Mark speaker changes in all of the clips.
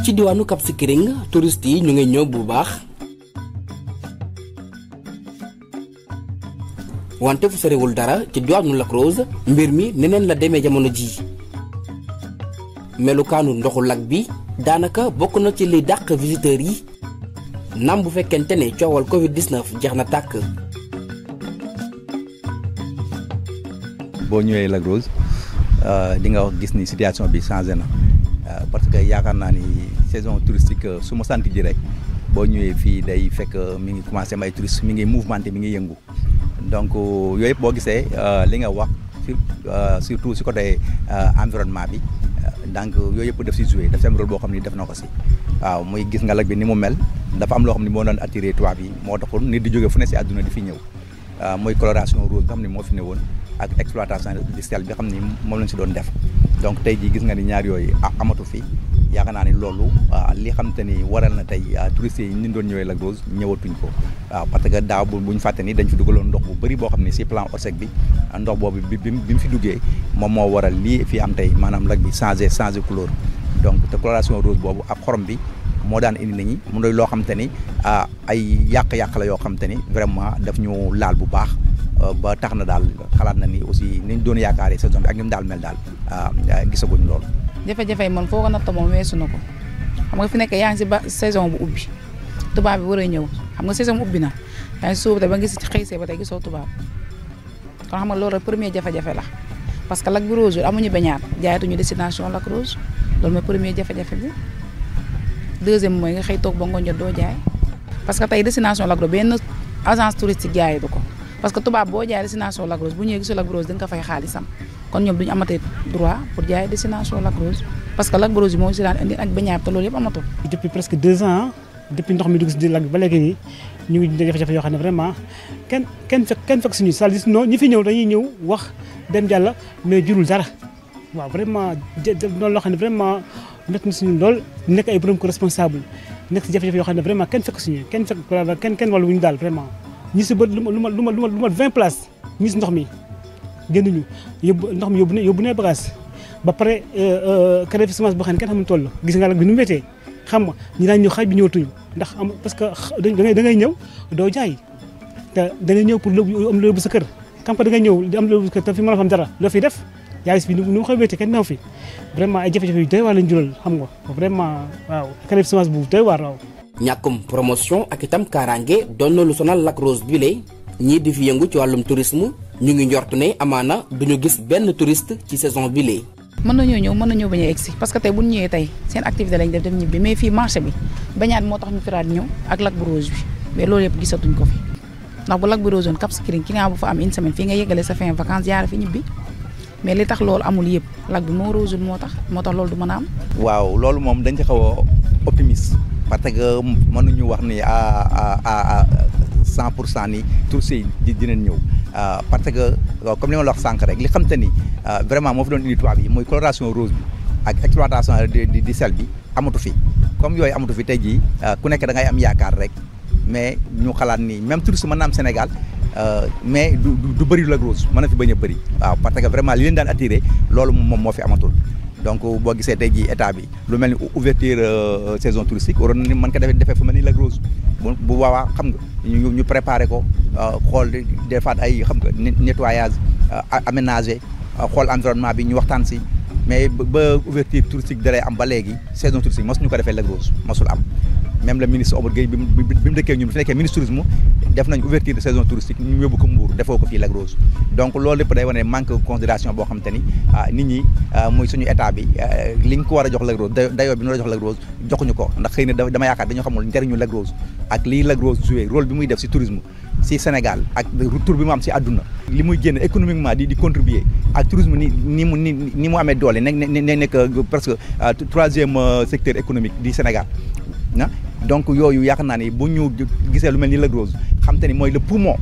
Speaker 1: ci diwaanu Cap Skirring touriste yi ñu ngi ñëw bu baax wante fu sorewul dara ci diwaanu Lac Rose mbir mi neneen la demee jamono ji melukaanu ndoxu lac bi daanaka bokk na ci li dàq visiteurs yi nam bu fekkente ne coowal Covid 19 jeex na tàkk.
Speaker 2: boo ñëwee Lac Rose euh, di nga wax gis ni situation bi changé na euh, parce que yaakaar naa ni saison touristique euh, su ma sant ji rek boo ñëwee fii day fekk mi ngi commencé am ay mi ngi mouvementé mi ngi yëngu. donc yooyu yëpp boo gisee euh, li nga wax euh, surtout si côté euh, environnement bi donc yooyu yëpp daf si joué daf si am boo xam ni def na ko si waaw muy gis nga lag bi ni mu mel dafa am loo xam ni moo doon attiré tubaab yi moo taxoon nit di jóge fu ne si àdduna di fi ñëw muy coloration rouge nga xam moo fi woon ak exploitation industrielle bi xam ni moom lañ si doon def donc tey ji gis nga ni ñaar yooyu amatu fi yaakaar naa ni loolu ah, li xam te ni waral na tey ah, touristes yi ñu doon ñëwee Lac Rose ñëwatuñ ko waaw ah, parce que daaw bu ñu fàtte ni dañ fi dugaloon ndox bu bari boo xam ne si plan ORSEC bi ndox boobu bi bi mu fi duggee moom moo waral lii fi am tey maanaam lac bi changé changé couleur donc te coloration rose boobu ak xorom bi moo daan indi nit ñi mu loo xam te ni ay yàq-yàq la yoo xam te ni vraiment daf ñu laal bu baax ba tax na daal xalaat na ni aussi niñ doon yaakaaree saison bi ak ni mu daal mel daal gisaguñ loolu
Speaker 3: jafe-jafe yi man foo ko natt moom weesu na ko xam nga fi nekk yaa ngi si ba saison bu ubbi tubaab bi war a ñëw xam nga saison bu ubbi na yaa ngi si ba nga gis xëysee ba tey gisoo tubaab kon xam nga loolu rek premier jafe-jafe la parce que Lac bi Rose amuñu beñaat jaayatuñu destination lag Rose loolu mooy premier jafe-jafe bi deuxième mooy nga xëy toog ba ngoon jot doo jaay parce que tey destination Lac Rose benn agence touristique jaayi du ko parce que tubaab boo jaay destination Lac Rose bu ñëwee gisul Lac Rose da nga ko fay xaalisam kon ñoom duñu amatee droit pour jaay destination Lac Rose parce
Speaker 4: que Lac Rose yi moo si daan indi si di ñu fi ñëw dañuy ñëw wax dem jàll mais jurul dara waaw vraiment jë loolu loo xam ne vraiment nekk na suñu lool nekk ay si jafe-jafe yoo xam ne vraiment kenn fekk suñu kenn fekk kenn kenn daal vraiment. ñu si bët lu ma lu ma lu ma lu ma vingt place ñu ndox mi génnuñu yóbbu ndox mi yóbbu ne yóbbu ne bagage ba pare euh, euh, crédit semence boo xam ne kenn xamul toll gis nga nag bi nu mu méttee xam nga ñu daan ñëw xaj bi ñëwatuñu ndax am parce que dangay dangay ñëw doo jaay te dangay ñëw pour lu am lu yóbbu sa kër kampa dangay ñëw am lu yóbbu sa kër te fi mën a xam dara loo fi def yaa ngi si nu mu xaw kenn naw fi vraiment ay jafe-jafe yu doy waar lañ jural xam nga vraiment waaw crédit semence bu doy waar waaw
Speaker 1: ñàkkum promotion ak itam kaaraange doon na lu sonal Lac Rose bile ñii di fi yëngu ci wàllum tourisme ñu ngi njort ne amaana ñu gis benn tourist ci saison bile.
Speaker 3: mën nañoo ñëw mën nañoo bañ a egsi parce que tey bu ñu ñëwee tey seen activité lañ def dem ñibbi mais fii marché bi bañaat moo tax ñu firaat ñëw ak Lac Rose bi mais loolu yëpp gisatuñ ko fi ndax bu Lac Rose woon Cap Skirring ki nga bu fa am une semaine fii nga yëgale sa fin vacances jaara fi ñibbi mais li tax loolu amul yëpp Lac bi moo tax moo tax loolu du mën a am.
Speaker 2: waaw loolu moom dañ ci xaw parce que mënuñu wax ni à ah, ah, ah, cent pour cent ni tous yi dinañ ñëw parce que comme li ma la wax sànq rek li xam te ni vraiment moo fi doon indi tubaab yi mooy coloration rose bi ak exploitation di sel bi amatu fi comme yooyu amatu fi tey jii ku nekk dangay am yaakaar rek mais ñu xalaat ni même touriste mën na am Sénégal mais du du bëri la rose mën na fi bañ a bëri waaw parce que vraiment li leen daan attiré loolu moom moo fi amatul donc boo gisee tey jii état bi lu mel ni ouverture euh, saison touristique waroon ni mën ka defee defee fu mel ni Lac Rose bu bu waawaa xam nga ñu ñu préparé ko euh, xool des fois ay xam nga nettoyage euh, aménagé xool environnement bi ñu waxtaan si mais ba ouverture touristique daray am ba léegi saison touristique mas ñu ko defee Lac Rose masul am même le ministre Omar Gueye bi mu bi mu dëkkee ñun bi fi nekkee ministre tourisme def nañ ouverture de saison touristique ñu yóbbu ko Mbour defoo ko fii Lac Rose donc loolu lépp day wane manque considération boo xam te ni ah, nit ñi ah, suñu état bi ah, li ñu ko war a jox Lac Rose dayoo bi ñu war a jox Lac joxuñu ko ndax xëy na dama yaakaar dañoo xamul njariñu Lac Rose ak lii Lac Rose role rôle bi muy def si tourisme si Sénégal ak tour bi mu am si àdduna li muy génn économiquement di di contribuer ak tourisme ni ni mu ni ni mu amee doole nekk nekk presque troisième euh, secteur économique Sénégal na donc yooyu yaakaar naa ni bu ñu gisee lu mel ni Lac Rose xam te ni mooy le poumon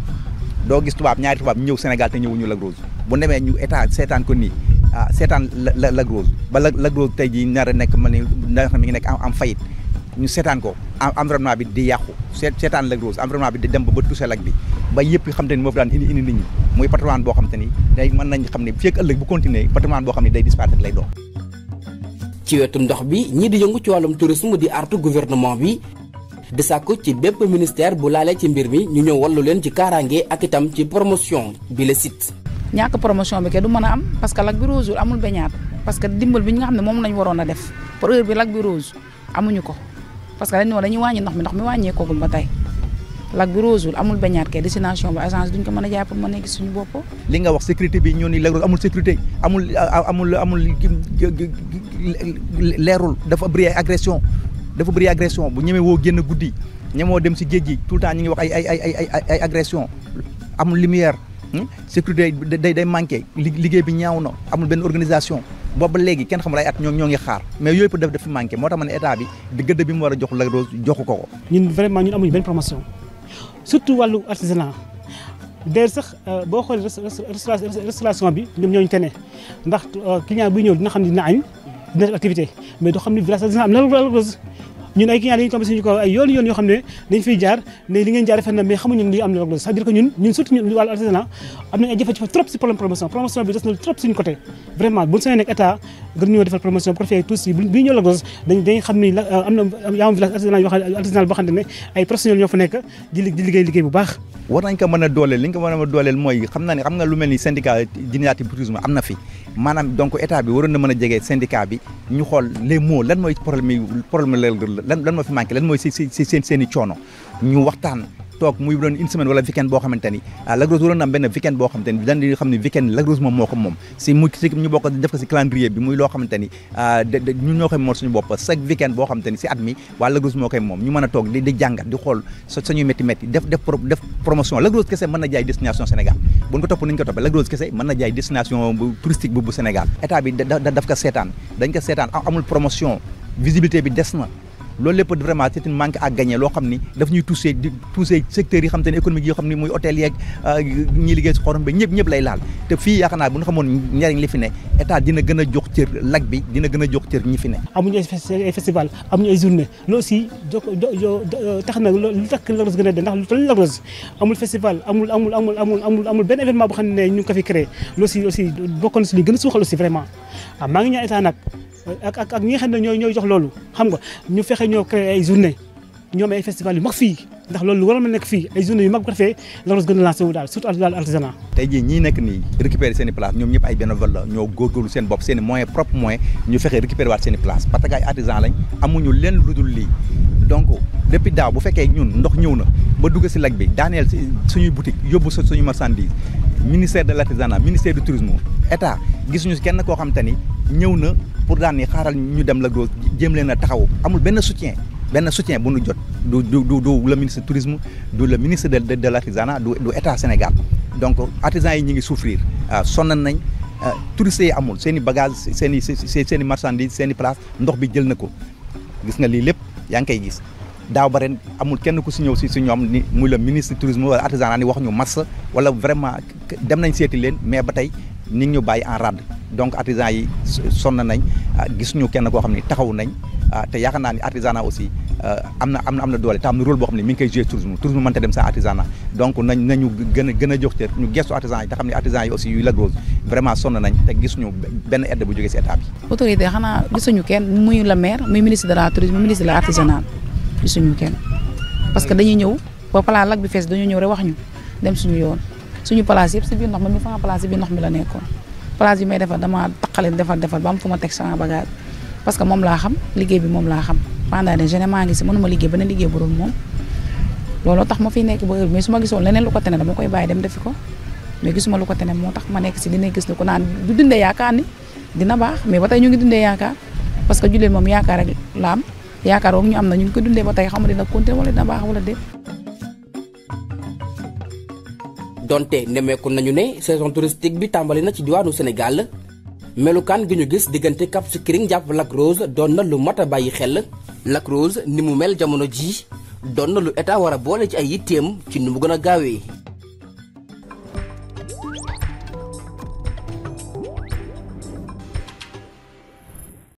Speaker 2: doo gis tubaab ñaari tubaab ñëw Sénégal te ñëwuñu Lac Rose bu demee ñu état seetaan nii ah seetaan la Lac Rose ba Lac Rose a nekk ma ne nar mi ngi nekk am fayit ñu seetaan ko environnement bi di yàqu seetaan Lac Rose environnement bi di dem ba ba touché lak bi ba yëpp xam te ni moo fi daan indi indi nit muy patrimoine boo xam te ni day mën nañ xam ne fekk ëllëg bu continuer patrimoine boo xam ne day disparaître lay doon ci wetu ndox bi ñii di yëngu ci wàllum tourisme di artu gouvernement bi di sàkku ci bépp
Speaker 1: ministère bu laalee ci mbir mi ñu ñëw wallu leen ci kaaraange ak itam ci promotion bi la site.
Speaker 3: ñàkk promotion bi ke du mën a am parce que lac bi rose amul beñaat parce que dimbal bi ñu nga xam ne moom lañ waroon a def pour heure bi lac bi rose amuñu ko parce que dañu ne dañuy wàññi ndox mi ndox mi wàññeekoo ba tey. Lac bu Rose amul bañaat kay destination ba agence duñ ko mën a jaay pour mën a gis suñu bopp.
Speaker 2: li nga wax sécurité bi ñoo ni Lac Rose amul sécurité amul amul amul leerul dafa bëri ay agression dafa bëri agression bu ñemee woo génn guddi ñemoo dem si géej gi tout le temps ñu ngi wax ay ay ay ay ay agression amul lumière hmm, sécurité day day manqué liggéey bi ñaaw na amul benn organisation. booba léegi kenn xamul ay at ñoo ñoo ngi xaar mais
Speaker 4: yooyu yëpp daf dafa manqué moo tax ma ne état bi di gëdd bi mu war a jox Lac Rose joxu ko ko. ñun vraiment ñun amuñu benn surtout wàllu artisanat d'ailleurs sax euh, boo xoolee restauration bi ñoom ñooñu tene ndax euh, client buy ñëw dina xam ne dina añ dina def activité mais doo xam ne village artisanal ñun ay client dañu commencé ñu ko ay yoon yoon yoo xam ne dañ fiy jaar ne li ngeen jaar rafet na mais xamuñu ne am na loolu cest dire que ñun ñun surtout ñun wàllu artisanat am na trop suñu euh, village artisanal yoo xam artisanal ne ay professionnels ñoo fa nekk di liggéey liggéey bu baax war nañ ko mën dooleel li ñu ko dooleel mooy xam naa ne xam nga lu mel ni syndicat
Speaker 2: d'initiative tourisme am na fi maanaam donc état bi waroon na mën a jege syndicat bi ñu xool le mots lan mooy problème yi problème lan lan moo fi manqué lan mooy seen seen seen i coono ñu waxtaan. toog muy doon une semaine wala weekend boo xamante ni ah, Lac Rose waroon na am benn weekend boo xamante ni daan di xam ne weekend Lac Rose moom moo ko moom si mu si ñu bokk def ko si calendrier bi muy loo xamante ni ah, ñu ñoo koy moom suñu bopp chaque weekend boo xamante ni si at mi waa Lac Rose moo koy moom ñu mën a toog di di jàngat di xool sa sañuy métti métti def def def promotion Lac Rose kese mën na jaay destination Sénégal buñ ko topp nañ ko toppee Lac Rose kese mën na jaay destination touristique bu bu Sénégal état bi daf ko seetaan dañ ko seetaan amul promotion visibilité bi des na loolu lépp vraiment c'est une manque à gagner loo xam ni daf ñuy touché di touché secteurs yi xam te ne yoo xam ni muy hôtel yeeg euh, ñi liggéey si xorom ba ñëpp ñëpp lay laal te fii yaakaar naa bu ñu xamoon njariñ li fi ne dina gën a jox cër lac bi dina gën a jox cër ñi fi ne
Speaker 4: amuñu ay festival amuñu ay journée loolu aussi tax na lu tax Lac Rose gën de ndax lu toll Lac Rose amul festival amul amul amul amul amul amul xam ne ñu ngi ko loolu aussi bokkoon si a suuxal aussi ak ak ak ñi ñooy ñooy jox loolu xam nga ñu fexe ñoo créé ay journée ñoom ay festival yu mag fii ndax loolu waroon na nekk fii ay journée yu mag bu defee la Rose gën a lancé wu daal surtout daal artisanat tey jii ñii nekk nii
Speaker 2: récupérer seen i place ñoom ñu leen lu dul lii donc depuis daaw bu fekkee ñun ndox ñëw na ba dugg si lag bi daaneel suñuy boutique yóbbu suñu marchandise ministère de l'artisanat ministère du tourisme état gisuñu kenn koo xam ni ñëw na pour daan ni xaaral ñu dem la doo jëm leen a taxaw amul benn soutien benn soutien bu nu jot du du du du le ministre tourisme du le ministre de de l' artisanat du état Sénégal donc artisans yi ñu ngi souffrir waaw ah, sonn nañ ah, touristes yi amul seeni bagage bagages seen i seen i marchandises seen i place ndox bi jël na ko gis nga lii lépp yaa ngi koy gis. daaw ba amul kenn ku si ñëw si si ñoom ni muy le ministre tourisme wala artisanat ni wax ñu mars wala vraiment dem nañ seeti leen mais ba tey nit ñu bàyyi en rade donc artisan yi sonn nañ ah, gis ñu kenn koo xam ni taxaw nañ ah, te yaakaar naa ni artisanat aussi ah, am na am na am na doole te am na rôle boo xam ne mi ngi koy joué tourisme tourisme mënta dem sans artisanat donc nañ nañu gën a gën a jox cër ñu gestu artisan yi te xam ne artisan yi aussi yuy Lac Rose vraiment sonn nañ te gis ñu benn aide bu jógee si état bi
Speaker 3: autorité xanaa gisuñu kenn muy la maire muy ministre de tourisme ministre la artisanat gisuñu suñu place yëpp si biir ndox mi mi sama place si biir ndox mi la nekkoon place yi may defar dama taqale defar defar ba am fu ma teg sama bagage parce que moom laa xam liggéey bi moom laa xam pendant des années maa ngi si mënuma liggéey benn liggéey bu dul moom looloo tax ma fiy nekk ba heure mais su ma gisoon leneen lu ko tene dama koy bàyyi dem defi ko mais gisuma lu ko tene moo tax ma nekk si dina gis ne ko naan du dundee yaakaar ni dina moom yaakaar rek la am yaakaar boobu ñu ko dundee ba tey xam dina continuer wala dina
Speaker 1: donte nemmeeku nañu ne saison touristique bi tàmbali na ci diwaanu Sénégal melukaan gi ñu gis diggante Cap Skirring jàpp Lac Rose doon na lu mat a bàyyi xel Lac Rose ni mu mel jamono ji doon na lu état war a boole ci ay yitteem ci nu mu gën a gaawee.